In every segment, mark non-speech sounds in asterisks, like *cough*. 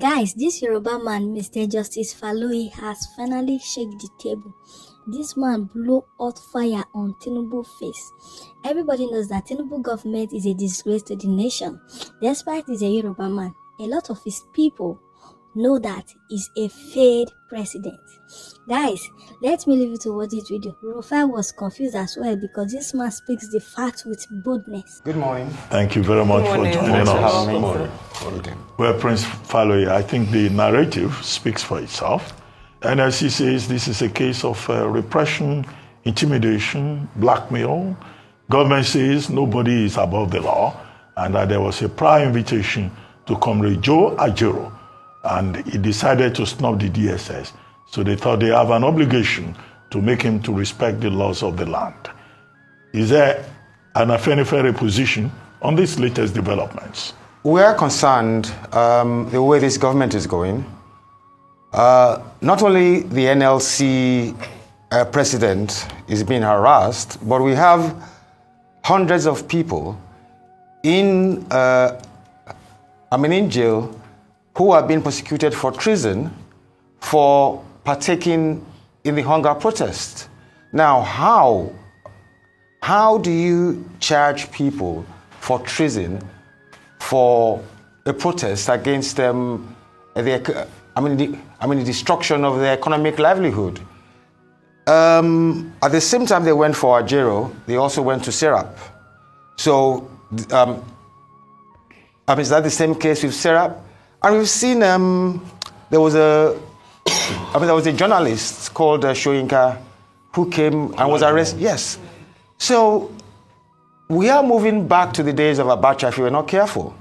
Guys, this Yoruba man, Mr. Justice Falui, has finally shaken the table. This man blew hot fire on Tinubu face. Everybody knows that Tinubu government is a disgrace to the nation. Despite he's a Yoruba man, a lot of his people know that is a failed president. Guys, let me leave you to watch this video. Rufai was confused as well because this man speaks the facts with boldness. Good morning. Thank you very much for joining us. Good morning. Well, Prince Faloye, I think the narrative speaks for itself. NSC says this is a case of uh, repression, intimidation, blackmail. Government says nobody is above the law and that there was a prior invitation to Comrade Joe Ajero and he decided to snub the DSS. So they thought they have an obligation to make him to respect the laws of the land. Is there an Afenifere position on these latest developments? We are concerned um, the way this government is going. Uh, not only the NLC uh, president is being harassed, but we have hundreds of people in, uh, I mean, in jail who are being prosecuted for treason for partaking in the hunger protest. Now, how how do you charge people for treason for a protest against them? Uh, the I mean, the, I mean, the destruction of their economic livelihood. Um, at the same time, they went for Ajero. They also went to Serap. So, um, I mean, is that the same case with Serap? And we've seen um, there was a, *coughs* I mean, there was a journalist called uh, Shoyinka who came and was arrested. Yes. So we are moving back to the days of Abacha if we're not careful.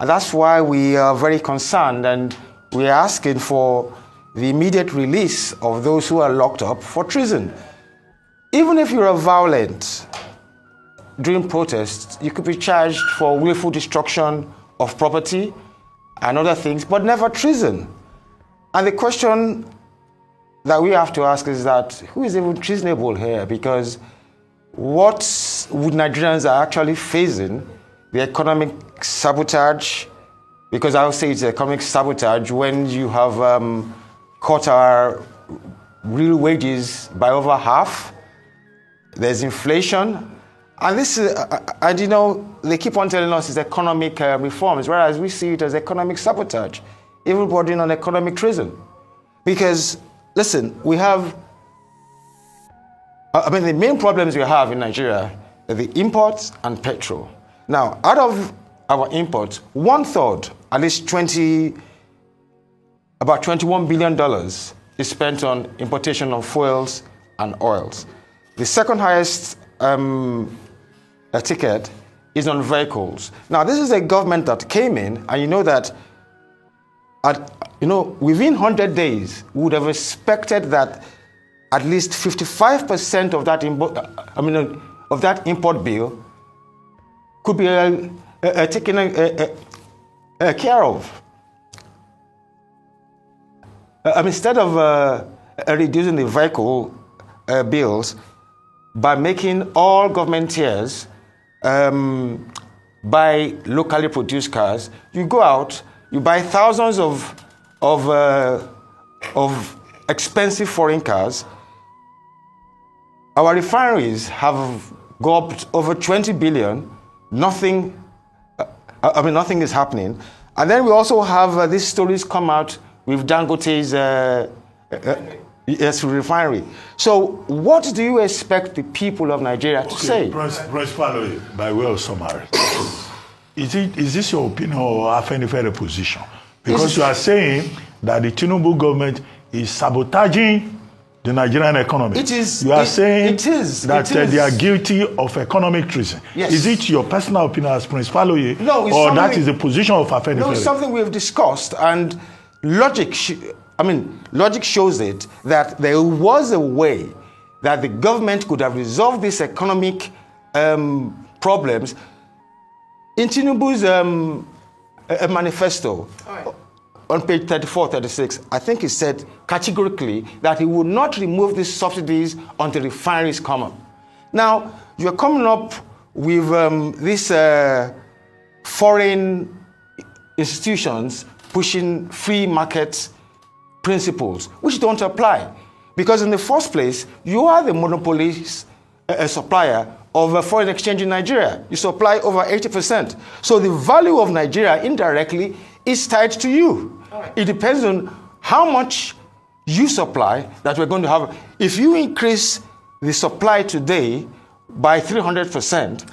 And that's why we are very concerned and we are asking for the immediate release of those who are locked up for treason. Even if you are violent during protests, you could be charged for willful destruction of property, and other things, but never treason. And the question that we have to ask is that who is even treasonable here? Because what would Nigerians are actually facing the economic sabotage? Because I would say it's economic sabotage when you have um, cut our real wages by over half. There's inflation, and this is, uh, uh, and you know, they keep on telling us it's economic uh, reforms, whereas we see it as economic sabotage, even bordering on economic treason. Because, listen, we have, uh, I mean, the main problems we have in Nigeria are the imports and petrol. Now, out of our imports, one third, at least 20, about $21 billion is spent on importation of fuels and oils. The second highest um, a ticket is on vehicles. Now, this is a government that came in, and you know that, at, you know, within 100 days, we would have expected that at least 55% of that, imbo- uh, I mean, uh, of that import bill could be uh, uh, uh taken uh, care of. I mean, um, instead of reducing the vehicle bills by making all government tiers um, buy locally produced cars. You go out, you buy thousands of, of, uh, of expensive foreign cars. Our refineries have gulped over 20 billion. Nothing, uh, I mean, nothing is happening. And then we also have uh, these stories come out with Dangote's uh, uh, uh, Yes, refinery. So, what do you expect the people of Nigeria to okay, say? Prince, Prince Palo, by way of summary, is, it, is this your opinion or Afenifere position? Because you are saying that the Tinubu government is sabotaging the Nigerian economy. It is. You are it, saying it is, that it uh, is. they are guilty of economic treason. Yes. Is it your personal opinion as Prince Faloye? No, or that is the position of Afenifere? No, it's something we have discussed and logic I mean, logic shows it that there was a way that the government could have resolved these economic um, problems in Tinubu's um, a, manifesto. On page 34, 36, I think he said categorically that he would not remove these subsidies until refineries come up. Now, you're coming up with um, these uh, foreign institutions pushing free markets principles which don't apply. Because in the first place, you are the monopolist uh, uh, supplier of foreign exchange in Nigeria. You supply over 80%. So the value of Nigeria indirectly is tied to you. Right. It depends on how much you supply that we're going to have. If you increase the supply today by 300%,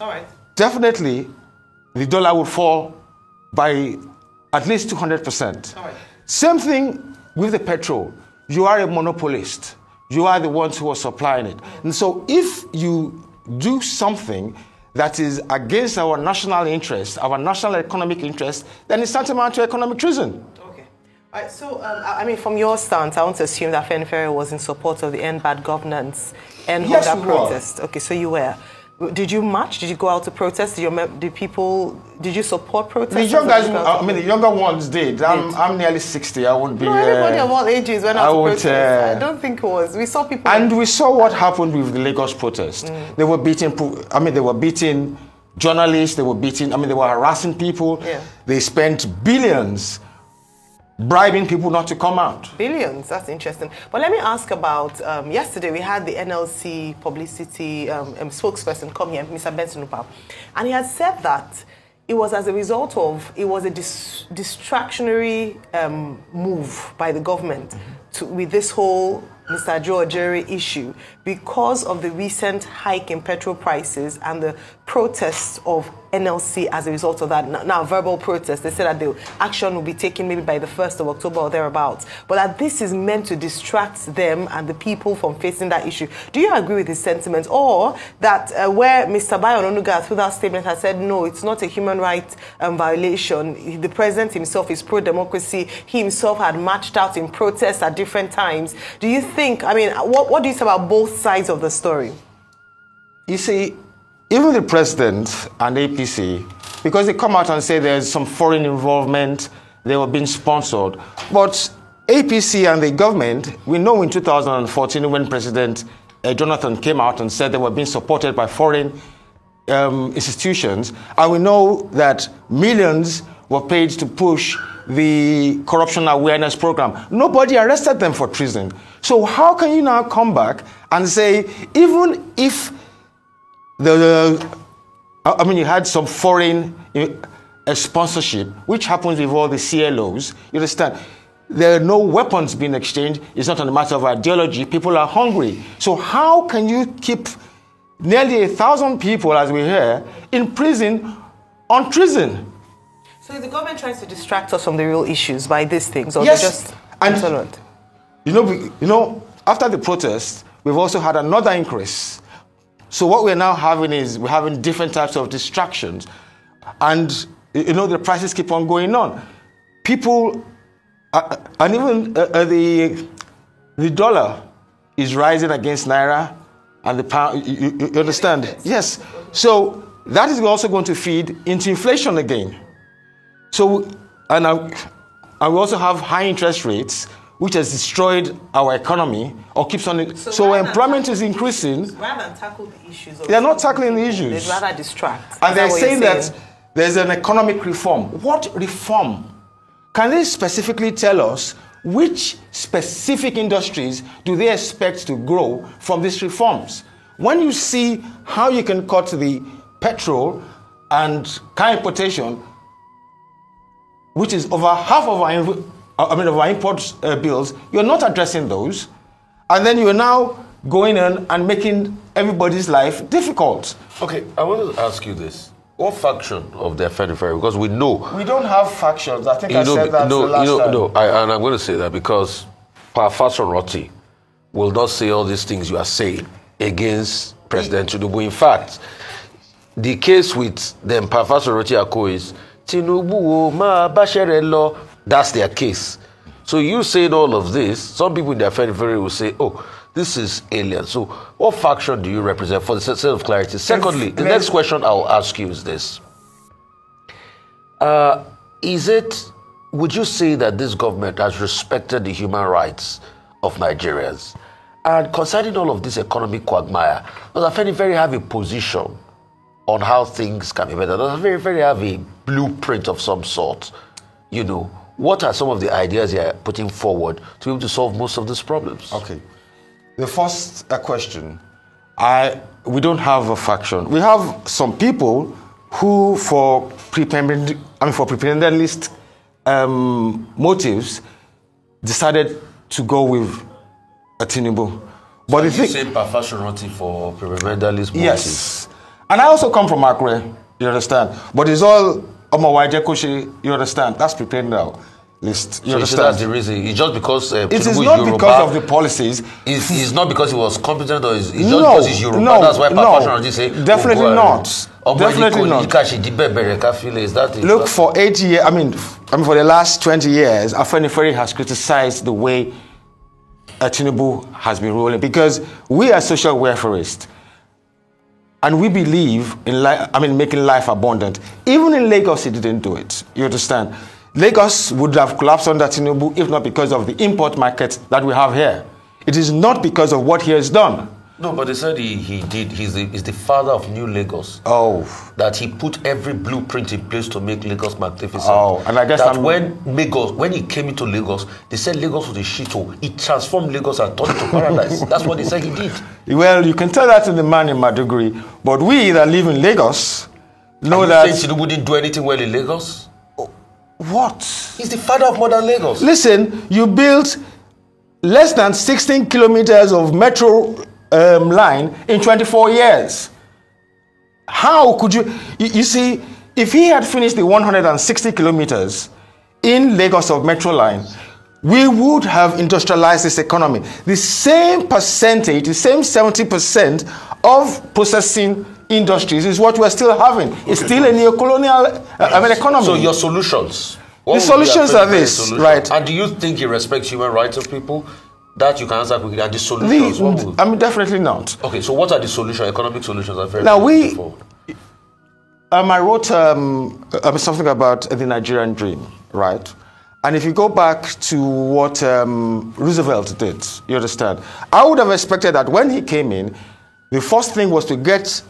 definitely the dollar will fall by at least 200%. Right. Same thing with the petrol, you are a monopolist. You are the ones who are supplying it. And so if you do something that is against our national interest, our national economic interest, then it's tantamount to economic treason. Okay. so, um, I mean, from your stance, I want to assume that Fenferry was in support of the End Bad Governance End yes, Hunger protest. Were. Okay, so you were. Did you march? Did you go out to protest? Did, your, did people? Did you support protests? The younger, I mean, the younger ones did. I'm, did. I'm nearly sixty. I won't be. No, everybody uh, of all ages went out I to would, protest. Uh, I don't think it was. We saw people. And like, we saw what mm. happened with the Lagos protest. Mm. They were beating. I mean, they were beating journalists. They were beating. I mean, they were harassing people. Yeah. They spent billions bribing people not to come out. Billions, that's interesting. But let me ask about, um, yesterday we had the NLC publicity um, um, spokesperson come here, Mr. Benson Upal, and he had said that it was as a result of, it was a dis distractionary um, move by the government mm -hmm. to, with this whole Mr. Joe issue because of the recent hike in petrol prices and the protests of NLC as a result of that. Now, verbal protests. They said that the action will be taken maybe by the 1st of October or thereabouts. But that this is meant to distract them and the people from facing that issue. Do you agree with his sentiment? Or that uh, where Mr. Bayon Onuga, through that statement, has said, no, it's not a human rights um, violation. The president himself is pro-democracy. He himself had marched out in protests at different times. Do you think, I mean, what, what do you say about both sides of the story? You see, even the president and APC, because they come out and say there's some foreign involvement, they were being sponsored. But APC and the government, we know in 2014 when President uh, Jonathan came out and said they were being supported by foreign um, institutions, and we know that millions were paid to push the corruption awareness program. Nobody arrested them for treason. So how can you now come back and say, even if the, I mean, you had some foreign sponsorship, which happens with all the CLOs. You understand? There are no weapons being exchanged. It's not a matter of ideology. People are hungry. So how can you keep nearly a thousand people, as we hear, in prison on treason? So is the government trying to distract us from the real issues by these things, or yes. they're just intolerant? You know, you know, after the protests, we've also had another increase so what we're now having is we're having different types of distractions. And you know the prices keep on going on. People uh, uh and even uh, uh, the the dollar is rising against naira and the pound. You, you, you understand? Yes. So that is also going to feed into inflation again. So and, I, and we also have high interest rates which has destroyed our economy or keeps on it. So, so employment is increasing. Rather than tackle the issues. They're not tackling the issues. They'd rather distract. And they're saying, saying that there's an economic reform. What reform? Can they specifically tell us which specific industries do they expect to grow from these reforms? When you see how you can cut the petrol and car importation, which is over half of our I mean, of our import uh, bills, you're not addressing those. And then you're now going in and making everybody's life difficult. Okay, I want to ask you this. What faction of the Afeni Because we know. We don't have factions. I think I know, said that no, last you know, time. No, I, and I'm going to say that because Parfaso Rotti will not say all these things you are saying against President Tinubu. In fact, the case with them, Parfaso Rotti Ako is Tinubu Ma máa that's their case. So you said all of this. Some people in their periphery will say, oh, this is alien. So what faction do you represent for the sake of clarity? Secondly, the next question I'll ask you is this. Uh, is it, would you say that this government has respected the human rights of Nigerians? And concerning all of this economic quagmire, does Afenifere have a position on how things can be better? Does Afenifere have a blueprint of some sort, you know, what are some of the ideas you are putting forward to be able to solve most of these problems? Okay. The first uh, question I, we don't have a faction. We have some people who, for prependent, I mean, for prependentalist um, motives, decided to go with attainable. But so the same say perfectionity for prependentalist motives. Yes, and I also come from Akure. You understand? But it's all ọmọ wa jẹ́ kó ṣe you understand that's prepared now list. You so understand? that's the reason. It's just because uh, it is not Yoruba, because of the policies. It's, it's not because he was competent or it's, it's no, just because he's Yoruba. No, that's why no, say definitely oh, not. Oh, definitely not. Is that Look that? for eight years. I mean, I mean for the last twenty years, Afeni Ferry has criticized the way uh, Tinubu has been ruling because we are social welfareists. And we believe in life, I mean, making life abundant. Even in Lagos, it didn't do it. You understand? Lagos would have collapsed under Tinubu if not because of the import market that we have here. It is not because of what he has done. No, but they said he, he did. He's the, he's the father of New Lagos. Oh. That he put every blueprint in place to make Lagos magnificent. Oh, and I guess that I'm... when Lagos, when he came into Lagos, they said Lagos was a shithole. He transformed Lagos and turned it to paradise. *laughs* That's what they said he did. Well, you can tell that in the man in degree. But we that live in Lagos know and that... you that. didn't do anything well in Lagos? What? He's the father of modern Lagos. Listen, you built less than 16 kilometers of metro um, line in 24 years. How could you, you? see, if he had finished the 160 kilometers in Lagos of Metro Line, we would have industrialized this economy. The same percentage, the same 70% of processing industries is what we're still having. Okay. It's still a neocolonial colonial uh, yes. I mean, economy. So your solutions? the solutions are this, solution? right? And do you think he respects human rights of people? That you can answer quickly. And the solutions? The, I mean, definitely not. Okay, so what are the solutions? Economic solutions are very now we. Um, I wrote um, um, something about the Nigerian dream, right? And if you go back to what um, Roosevelt did, you understand? I would have expected that when he came in, the first thing was to get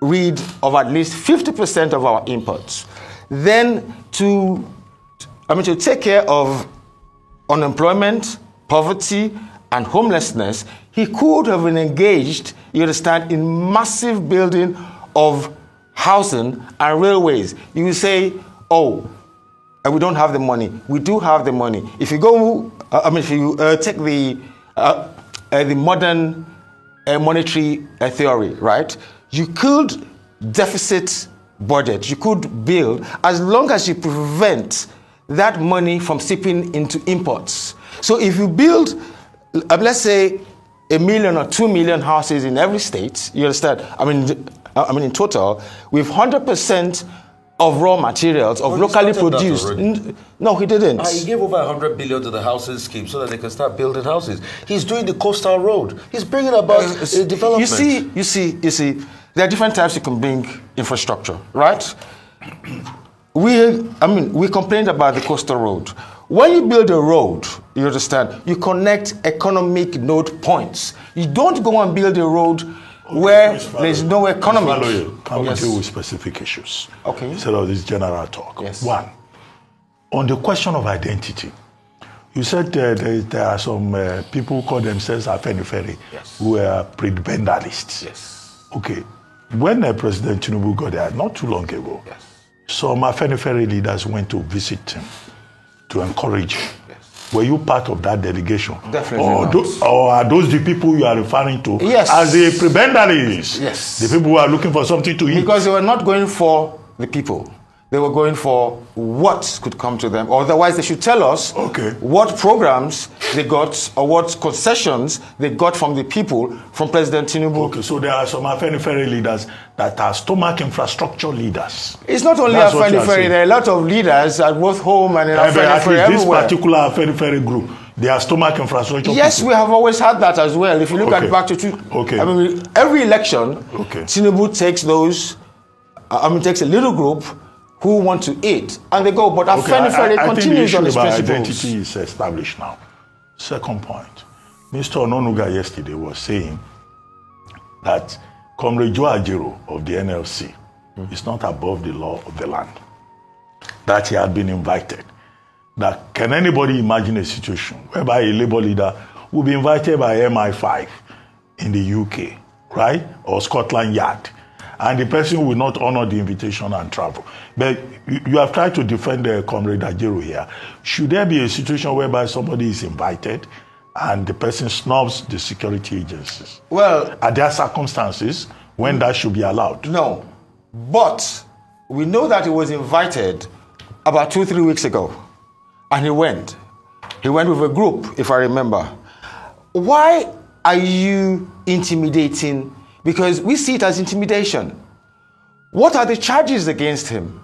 rid of at least 50% of our imports. Then to, I mean, to take care of unemployment, poverty, and homelessness, he could have been engaged, you understand, in massive building of housing and railways. You say, oh, we don't have the money. We do have the money. If you go, uh, I mean, if you uh, take the, uh, uh the modern uh, monetary uh, theory, right, you could deficit budget. You could build as long as you prevent that money from seeping into imports so if you build, uh, let's say, a million or two million houses in every state, you understand? I mean, uh, I mean, in total, with 100% of raw materials, of well, oh, locally produced. No, he didn't. Uh, he gave over 100 billion to the housing scheme so that they can start building houses. He's doing the coastal road. He's bringing about uh, uh development. You see, you see, you see, there are different types you can bring infrastructure, right? We, I mean, we complained about the coastal road. When you build a road, you understand? You connect economic node points. You don't go and build a road okay, where there's no economy. to deal with specific issues okay. instead of this general talk. Yes. One, on the question of identity, you said uh, there, there, are some uh, people who call themselves Afeniferi yes. who are prebendalists. Yes. Okay. When uh, President Tinubu got there, not too long ago, yes. some Afeniferi leaders went to visit him to encourage him Were you part of that delegation? Definitely or, not. Those, or are those the people you are referring to yes. as the prebendaries? Yes. The people who are looking for something to eat? Because they were not going for the people. they were going for what could come to them. Otherwise, they should tell us okay. what programs they got or what concessions they got from the people from President Tinubu. Okay, so there are some Afenifere leaders that are stomach infrastructure leaders. It's not only Afenifere, there are a lot of leaders at both home and in eh, Afenifere everywhere. This particular Afenifere group, they are stomach infrastructure. Yes, people. we have always had that as well. If you look okay. at back to two, okay. I mean, every election, okay. Tinubu takes those, uh, I mean, takes a little group who want to eat, and they go. But Afenifere okay, I, I, I continues on his principles. identity is established now. Second point, Mr. Ononuga yesterday was saying that Comrade Joe Ajiro of the NLC mm. is not above the law of the land. That he had been invited. That can anybody imagine a situation whereby a labor leader will be invited by MI5 in the UK, right, or Scotland Yard? and the person will not honor the invitation and travel. But you, you have tried to defend the uh, Comrade Ajero here. Should there be a situation whereby somebody is invited and the person snubs the security agencies? Well, are there circumstances when that should be allowed? No, but we know that he was invited about two, three weeks ago, and he went. He went with a group, if I remember. Why are you intimidating because we see it as intimidation. What are the charges against him?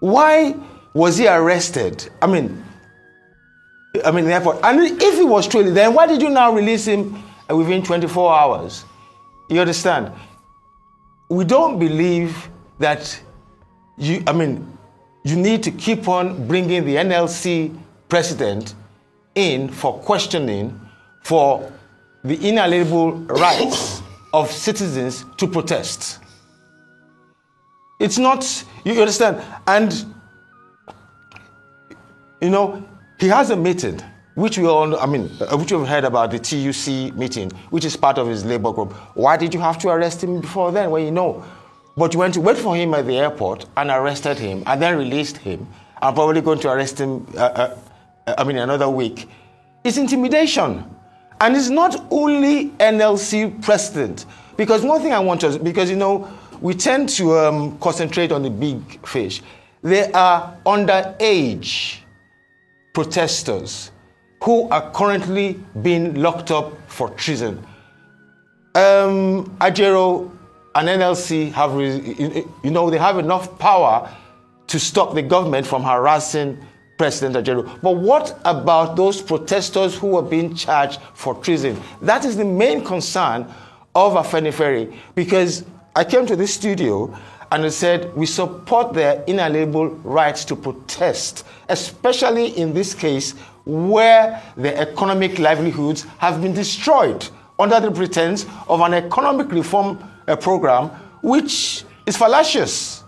Why was he arrested? I mean, I mean, therefore, and if he was truly, then why did you now release him uh, within 24 hours? You understand? We don't believe that you, I mean, you need to keep on bringing the NLC president in for questioning for the inalienable rights of citizens to protest. It's not, you understand? And, you know, he has a meeting, which we all, I mean, uh, which we've heard about the TUC meeting, which is part of his labor group. Why did you have to arrest him before then when you know? But you went to wait for him at the airport and arrested him and then released him. I'm probably going to arrest him, uh, uh, uh I mean, another week. It's intimidation. And it's not only NLC president, because one thing I want to, because you know, we tend to um, concentrate on the big fish. There are underage protesters who are currently being locked up for treason. Um, Ajero and NLC have, you know, they have enough power to stop the government from harassing President Ajero. But what about those protesters who were being charged for treason? That is the main concern of Afeniferi because I came to this studio and I said we support their inalienable rights to protest, especially in this case where their economic livelihoods have been destroyed under the pretense of an economic reform uh, program which is fallacious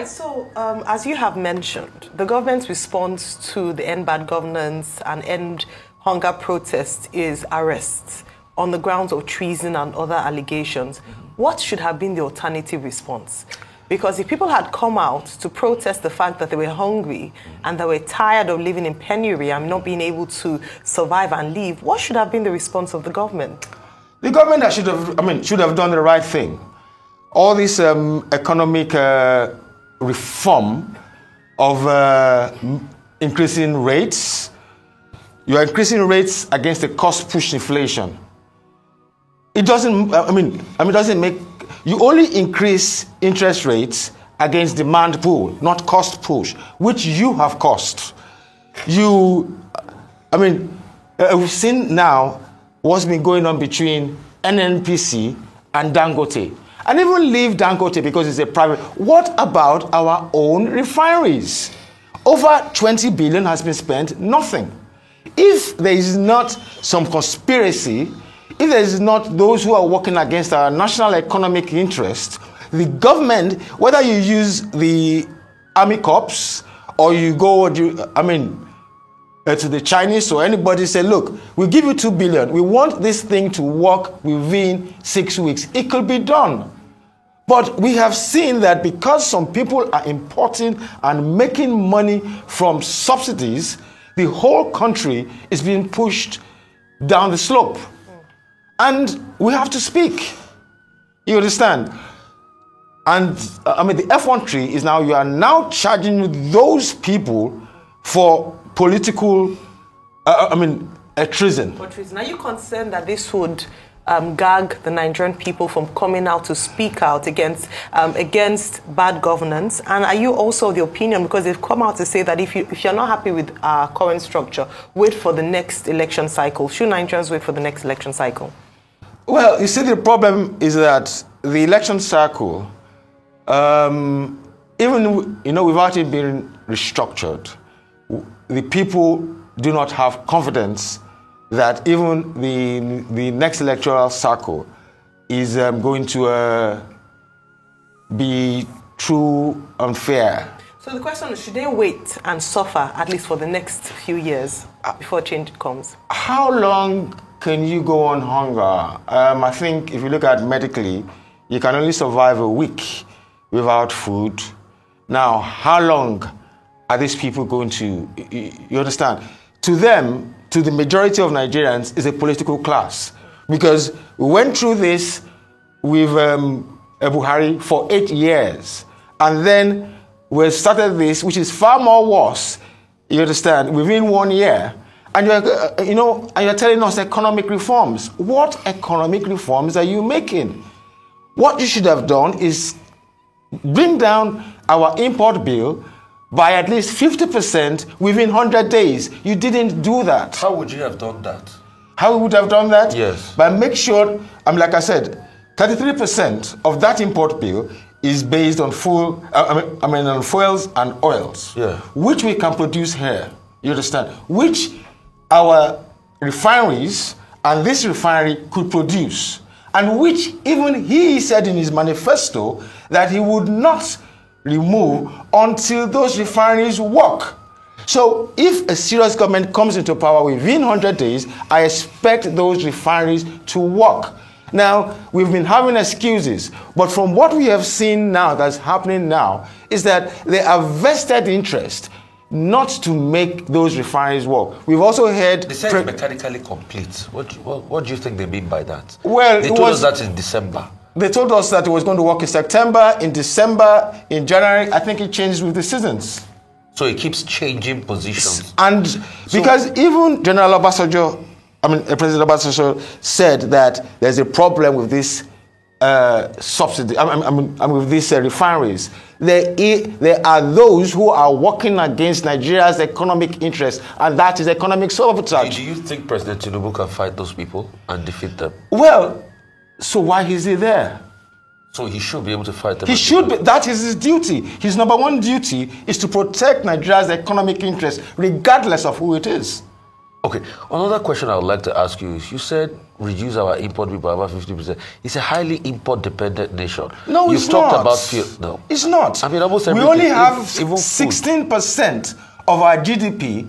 right, so um, as you have mentioned, the government's response to the End Bad Governance and End Hunger protest is arrests on the grounds of treason and other allegations. What should have been the alternative response? Because if people had come out to protest the fact that they were hungry and they were tired of living in penury and not being able to survive and live, what should have been the response of the government? The government should have, I mean, should have done the right thing. All these um, economic uh, reform of uh, increasing rates. You are increasing rates against the cost push inflation. It doesn't, I mean, I mean, doesn't make, you only increase interest rates against demand pull, not cost push, which you have cost. You, I mean, uh, we've seen now what's been going on between NNPC and Dangote and even leave Dangote because it's a private. What about our own refineries? Over 20 billion has been spent, nothing. If there is not some conspiracy, if there is not those who are working against our national economic interest, the government, whether you use the army corps or you go, I mean, uh, to the Chinese or anybody say, look, we give you two billion. We want this thing to work within six weeks. It could be done. But we have seen that because some people are importing and making money from subsidies, the whole country is being pushed down the slope. And we have to speak. You understand? And uh, I mean, the F1 tree is now, you are now charging those people for political, uh, uh, I mean, a treason. For treason. Are you concerned that this would um, gag the Nigerian people from coming out to speak out against um, against bad governance? And are you also the opinion because they've come out to say that if you if you're not happy with our current structure, wait for the next election cycle? Should Nigerians wait for the next election cycle? Well, you see, the problem is that the election cycle, um, even you know, without it being restructured, the people do not have confidence that even the, the next electoral cycle is um, going to uh, be true and fair. So the question is, should they wait and suffer at least for the next few years before change comes? How long can you go on hunger? Um, I think if you look at medically, you can only survive a week without food. Now, how long are these people going to, you understand? To them, to the majority of Nigerians is a political class. Because we went through this with um, Buhari for eight years. And then we started this, which is far more worse, you understand, within one year. And you're, uh, you know, and you're telling us economic reforms. What economic reforms are you making? What you should have done is bring down our import bill by at least 50% within 100 days. You didn't do that. How would you have done that? How would have done that? Yes. But make sure, i um, mean, like I said, 33% of that import bill is based on fuel, uh, I mean, I mean on fuels and oils, yeah. which we can produce here. You understand? Which our refineries and this refinery could produce, and which even he said in his manifesto that he would not remove until those refineries work. So if a serious government comes into power within 100 days, I expect those refineries to work. Now, we've been having excuses, but from what we have seen now that's happening now is that they have vested interest not to make those refineries work. We've also heard... They said mechanically complete. What, what, what, do you think they mean by that? Well, They told was, us that in December. They told us that it was going to work in September, in December, in January. I think it changes with the seasons. So it keeps changing positions. And so, because even General Obasanjo, I mean uh, President Obasanjo said that there's a problem with this uh, subsidy, I mean, I mean, with these uh, refineries. There, there are those who are working against Nigeria's economic interests, and that is economic sabotage. Do you think President Tinubu can fight those people and defeat them? Well, so why is he there? So he should be able to fight them. He should be. That is his duty. His number one duty is to protect Nigeria's economic interests, regardless of who it is. Okay. Another question I would like to ask you is: You said reduce our import by about fifty percent. It's a highly import-dependent nation. No, You've it's talked about fuel. No, it's not. I mean, almost everything. We only have sixteen percent of our GDP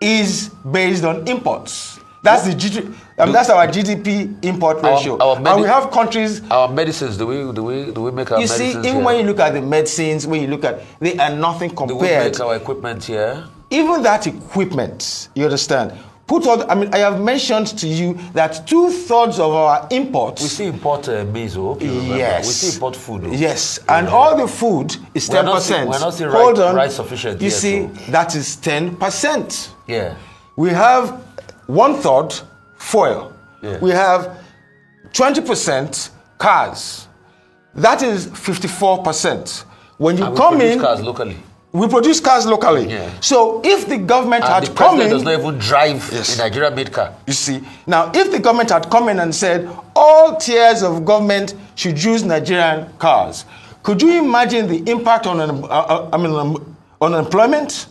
is based on imports. That's what? the GDP. I mean, that's our GDP import our, ratio. Our and we have countries. Our medicines, do we, do we, do we make our you medicines? You see, even here? when you look at the medicines, when you look at, they are nothing compared. Do we make our equipment here? Even that equipment, you understand. Put all. The, I mean, I have mentioned to you that two thirds of our imports. We still import uh, maize, oh, Yes. We still import food. Though. Yes, and yeah. all the food is ten percent. We're not seeing Hold right, on. right sufficient. You see, that is ten percent. Yeah. We have one third foil. Yeah. We have 20% cars. That is 54%. When you and come in. cars locally. We produce cars locally. Yeah. So if the government and had the come in. the president does not even drive yes. a Nigeria made car. You see. Now, if the government had come in and said all tiers of government should use Nigerian cars, could you imagine the impact on, uh, uh I mean, um, on unemployment?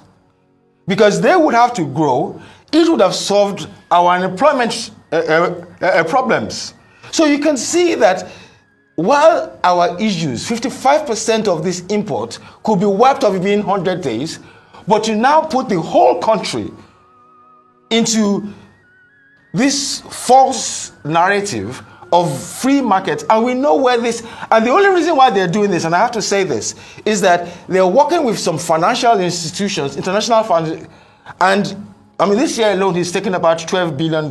Because they would have to grow, it would have solved our unemployment uh, uh, uh, problems. So you can see that while our issues, 55% of this import could be wiped off within 100 days, but you now put the whole country into this false narrative of free market and we know where this and the only reason why they're doing this and i have to say this is that they're working with some financial institutions international funds and I mean, this year alone, he's taken about $12 billion.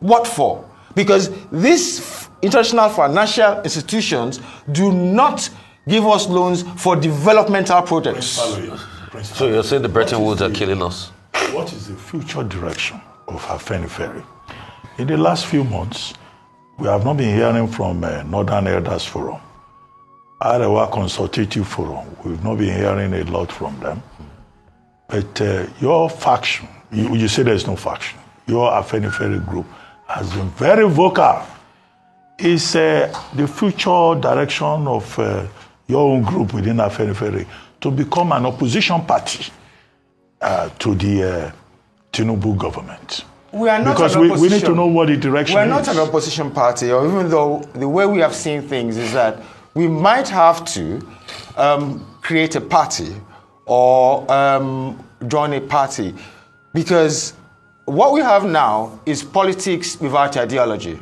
What for? Because these international financial institutions do not give us loans for developmental projects. so you're saying the Bretton Woods are the, killing us? What is the future direction of Afenifere? In the last few months, we have not been hearing from uh, Northern Elders Forum. Arewa Consultative Forum, we've not been hearing a lot from them. But uh, your faction, you, you say there's no faction. Your Afenifere group has been very vocal. Is uh, the future direction of uh, your own group within Afenifere to become an opposition party uh, to the uh, Tinubu government. We are not because we, we, need to know what the direction. We are not is. an opposition party, or even though the way we have seen things is that we might have to um, create a party or um, join a party Because what we have now is politics without ideology.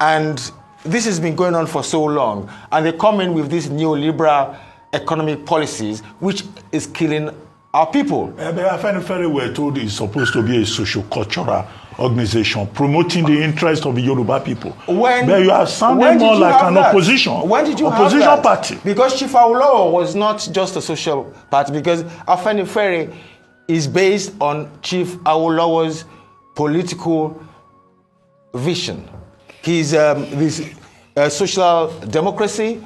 And this has been going on for so long. And they come in with these neoliberal economic policies, which is killing our people. I find very well told is supposed to be a social cultural organization promoting the interest of the Yoruba people. When, but you are sounding more like an that? opposition. When did you opposition have that? party? Because Chief Olowo was not just a social party because Afeni Ferry. is based on Chief Awolowo's political vision. His um, uh, social democracy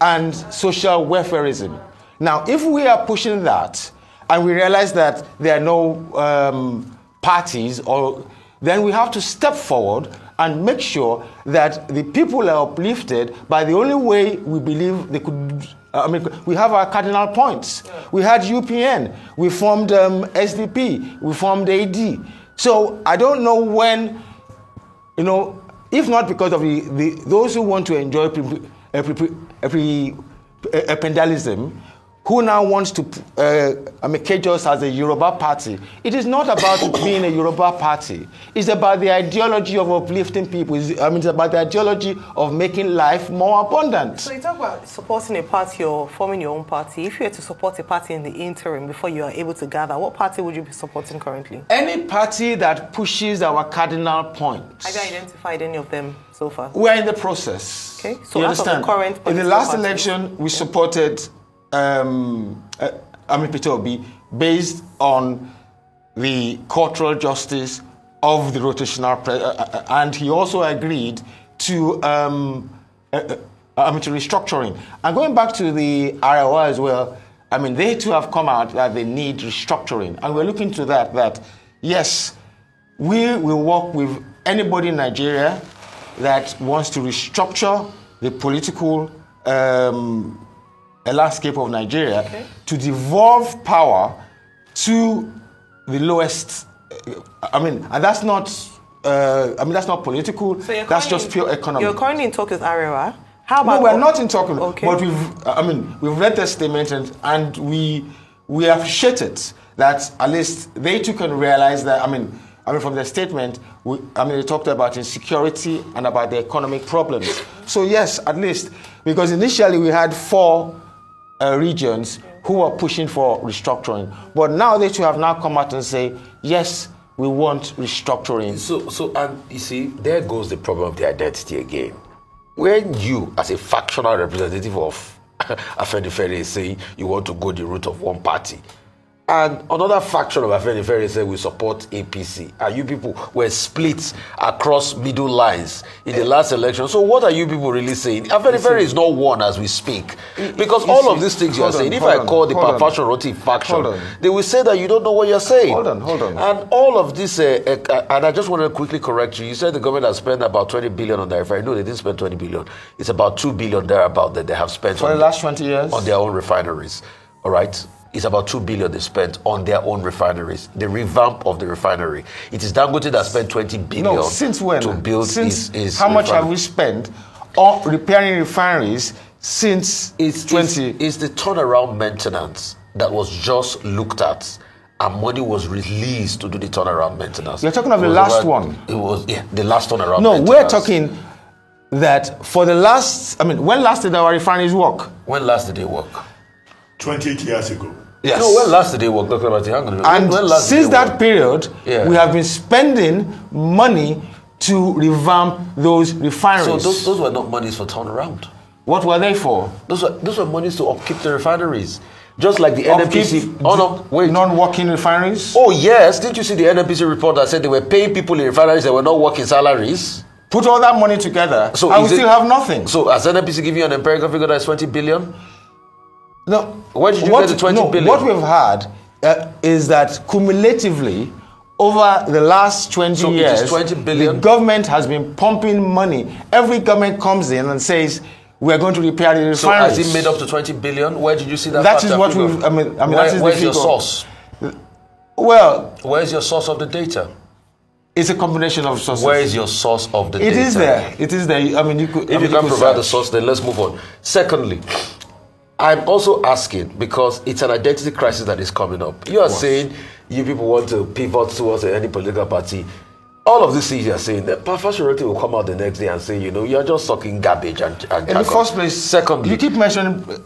and social welfareism. Now, if we are pushing that and we realize that there are no um, parties, or then we have to step forward and make sure that the people are uplifted by the only way we believe they could uh, I mean, we have our cardinal points. We had UPN. We formed um, SDP. We formed AD. So I don't know when, you know, if not because of the, the those who want to enjoy every pre, pre, pre, pre, pre, pre, pre, pre, pre, who now wants to uh, make us as a Yoruba party. It is not about *coughs* being a Yoruba party. It's about the ideology of uplifting people. It's, I mean, it's about the ideology of making life more abundant. So you talk about supporting a party or forming your own party. If you were to support a party in the interim before you are able to gather, what party would you be supporting currently? Any party that pushes our cardinal points. Have you identified any of them so far? We are in the process. Okay. So you understand? current in the last party, election, we yeah. supported um, uh, Obi based on the cultural justice of the rotational uh, uh, uh, and he also agreed to um, uh, uh I mean, to restructuring. And going back to the RIO as well, I mean, they too have come out that they need restructuring. And we're looking to that, that yes, we will work with anybody in Nigeria that wants to restructure the political um, a landscape of Nigeria okay. to devolve power to the lowest. I mean, and that's not. Uh, I mean, that's not political. So that's just pure economic. You're currently in talks with Arewa. How about? No, we're not in talks. Okay. But we've. I mean, we've read the statement and and we we appreciate it that at least they too can realize that. I mean. I mean, from the statement, we, I mean, they talked about insecurity and about the economic problems. So yes, at least because initially we had four uh, regions who were pushing for restructuring. But now they you have now come out and say, yes, we want restructuring. So, so and you see, there goes the problem of the identity again. When you, as a factional representative of *laughs* Ferry, say you want to go the route of one party, and another faction of Afeni said we support APC. And you people were split across middle lines in the last election. So what are you people really saying? Afeni is not one as we speak. Because all of these things you are saying, if I call the faction Roti faction, they will say that you don't know what you're saying. Hold on, hold on. And all of this, uh, uh, uh and I just want to quickly correct you. You said the government has spent about 20 billion on their refinery. No, they didn't spend 20 billion. It's about 2 billion thereabout that they have spent. For the last 20 years? On their own refineries. All right? is about 2 billion they spent on their own refineries, the revamp of the refinery. It is Dangote that spent 20 billion no, since when? to build since his, his How refinery. much have we spent on repairing refineries since it's, 20? It's, it's the turnaround maintenance that was just looked at and money was released to do the turnaround maintenance. You're talking of the last one. It was yeah, the last turnaround. No, we're talking that for the last. I mean, when last did our refineries work? When last did they work? Twenty-eight years ago. Yes. No, when last did they work, Dr. Abati Hangri? And when last since that period, yeah. we have been spending money to revamp those refineries. So those, those were not monies for turnaround. What were they for? Those were, those were monies to upkeep the refineries. Just like the NNPC. Oh, no, wait. Non-working refineries? Oh, yes. Didn't you see the NNPC report that said they were paying people in refineries that were not working salaries? Put all that money together, so and we it, still have nothing. So has NNPC given you an empirical figure that's 20 billion? No. Where did you what, get the 20 no, billion? What we've had uh, is that cumulatively, over the last 20 so years, the government has been pumping money. Every government comes in and says, we are going to repair the refineries. So has it made up to 20 billion? Where did you see that? That is what we, I mean, I mean Where, that is Where's your source? Well. Where's your source of the data? It's a combination of sources. Where is your source of the it data? It is there. It is there. I mean, you could, if I mean, you, can provide the source, then let's move on. Secondly, I'm also asking because it's an identity crisis that is coming up. You are saying you people want to pivot towards any political party. All of these things you are saying, the Fashionability will come out the next day and say, you know, you're just sucking garbage and, and In the first place, secondly, you keep mentioning um,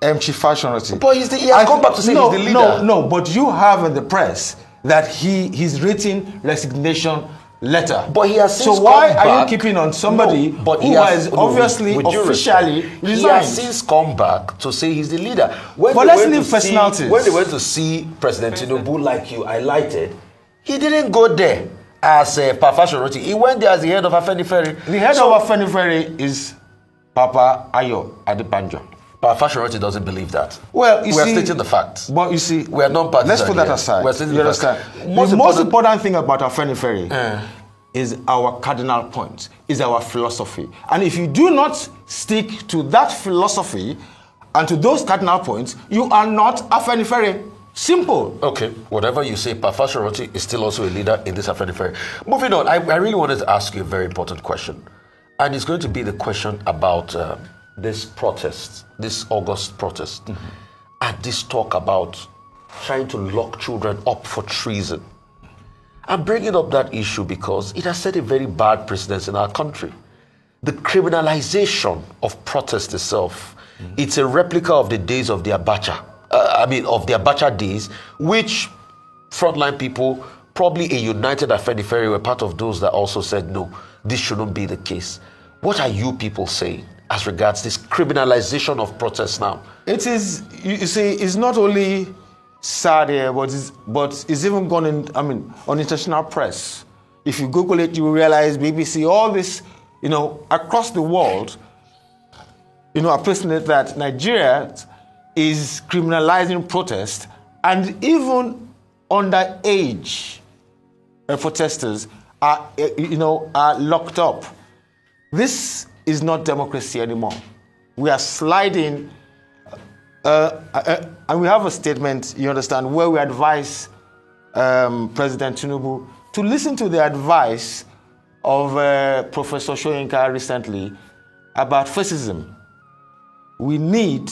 uh, Chief Fashionability. But he's the, he has come back to say no, he's the leader. No, no, but you have in the press that he, he's written resignation letter. But he has since come So why come are back. you keeping on somebody no, but who has, has no, obviously officially resigned? He has since come back to say he's the leader. When but let's leave personalities. See, when they went to see President Tinubu like you highlighted, he didn't go there as uh, Papa Shoroti. He went there as the head of Afeni Ferry. The head so, of Ferry is Papa Ayo Adipanjo. But Fashion doesn't believe that. Well, you we see, are stating the facts. But you see, we are not partisan. Let's put that here. aside. We are stating you the understand? Facts. Most the most important thing about our friend Ferry uh, is our cardinal point, is our philosophy. And if you do not stick to that philosophy and to those cardinal points, you are not a Ferry Simple. Okay, whatever you say, Pafashoroti is still also a leader in this Ferry. Moving on, I, I, really wanted to ask you a very important question. And it's going to be the question about um, this protest, this August protest, mm -hmm. at this talk about trying to lock children up for treason. I'm bringing up that issue because it has set a very bad precedence in our country. The criminalization of protest itself, mm -hmm. it's a replica of the days of the Abacha, uh, I mean, of the Abacha days, which frontline people, probably a united Afeni Ferry, were part of those that also said, no, this shouldn't be the case. What are you people saying? as regards this criminalization of protest now? It is, you see, it's not only sad here, but it's, but it's even gone in, I mean, on international press. If you Google it, you realize BBC, all this, you know, across the world, you know, are placing it that Nigeria is criminalizing protest and even underage uh, protesters are, uh, you know, are locked up. This is not democracy anymore. We are sliding, uh, uh, uh, and we have a statement, you understand, where we advise um, President Tinubu to listen to the advice of uh, Professor Shoyinka recently about fascism. We need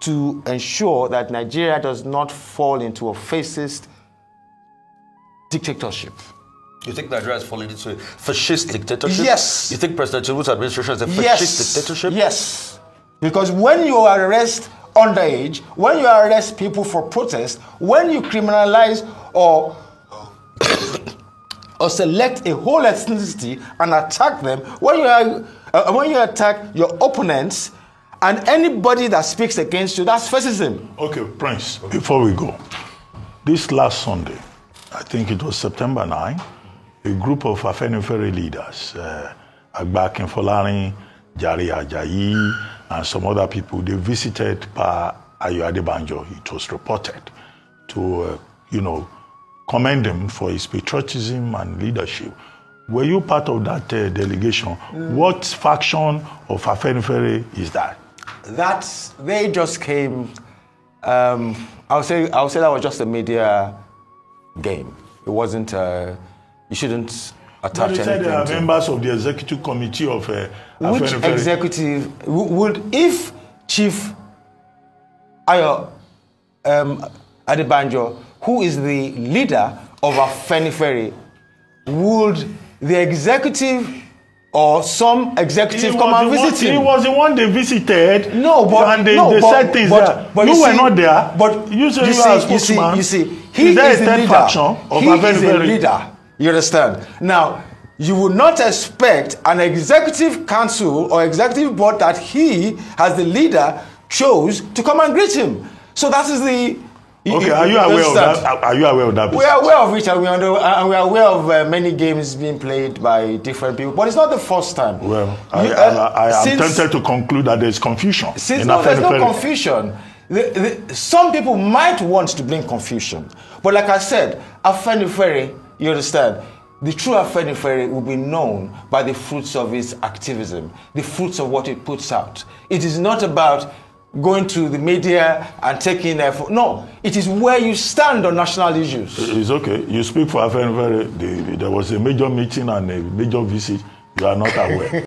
to ensure that Nigeria does not fall into a fascist dictatorship. You think Nigeria has fallen into a fascist dictatorship? Yes. You think President Tinubu's administration is a fascist yes. dictatorship? Yes. Because when you arrest underage, when you arrest people for protest, when you criminalize or *coughs* or select a whole ethnicity and attack them, when you uh, when you attack your opponents and anybody that speaks against you, that's fascism. Okay, Prince. Before we go, this last Sunday, I think it was September 9 a group of Afenifere leaders, uh, Agbakin Folarin, Jari Ajayi, and some other people, they visited Pa Ayo Banjo. it was reported, to, uh, you know, commend him for his patriotism and leadership. Were you part of that uh, delegation? Mm. What faction of Afenifere is that? That's, they just came, um, I'll say, I'll say that was just a media game. It wasn't a uh, you shouldn't attach but uh, anything. They are members of the executive committee of uh, which Afenifere. executive would if Chief Ayo um, Adebanjo, who is the leader of Ferry, would the executive or some executive he come and visit one, him. He was the one they visited. No, but and they, no, they but, said things but, there. But you, you see, were not there. But you you, you see, you see, you see, he is, is the leader. He is a leader. You understand? Now, you would not expect an executive council or executive board that he, as the leader, chose to come and greet him. So that is the Okay, are you aware of that? Are you aware of that? We are aware of it, and we are, uh, we aware of uh, many games being played by different people. But it's not the first time. Well, I, uh, I, I, I am tempted to conclude that there is confusion. Since no, there's no confusion. The, the, some people might want to bring confusion, but like I said, Ferry. You understand? The true Afenifere will be known by the fruits of its activism, the fruits of what it puts out. It is not about going to the media and taking effort. no it is where you stand on national issues it's okay you speak for Afenifere there was a major meeting and a major visit you are not aware *laughs*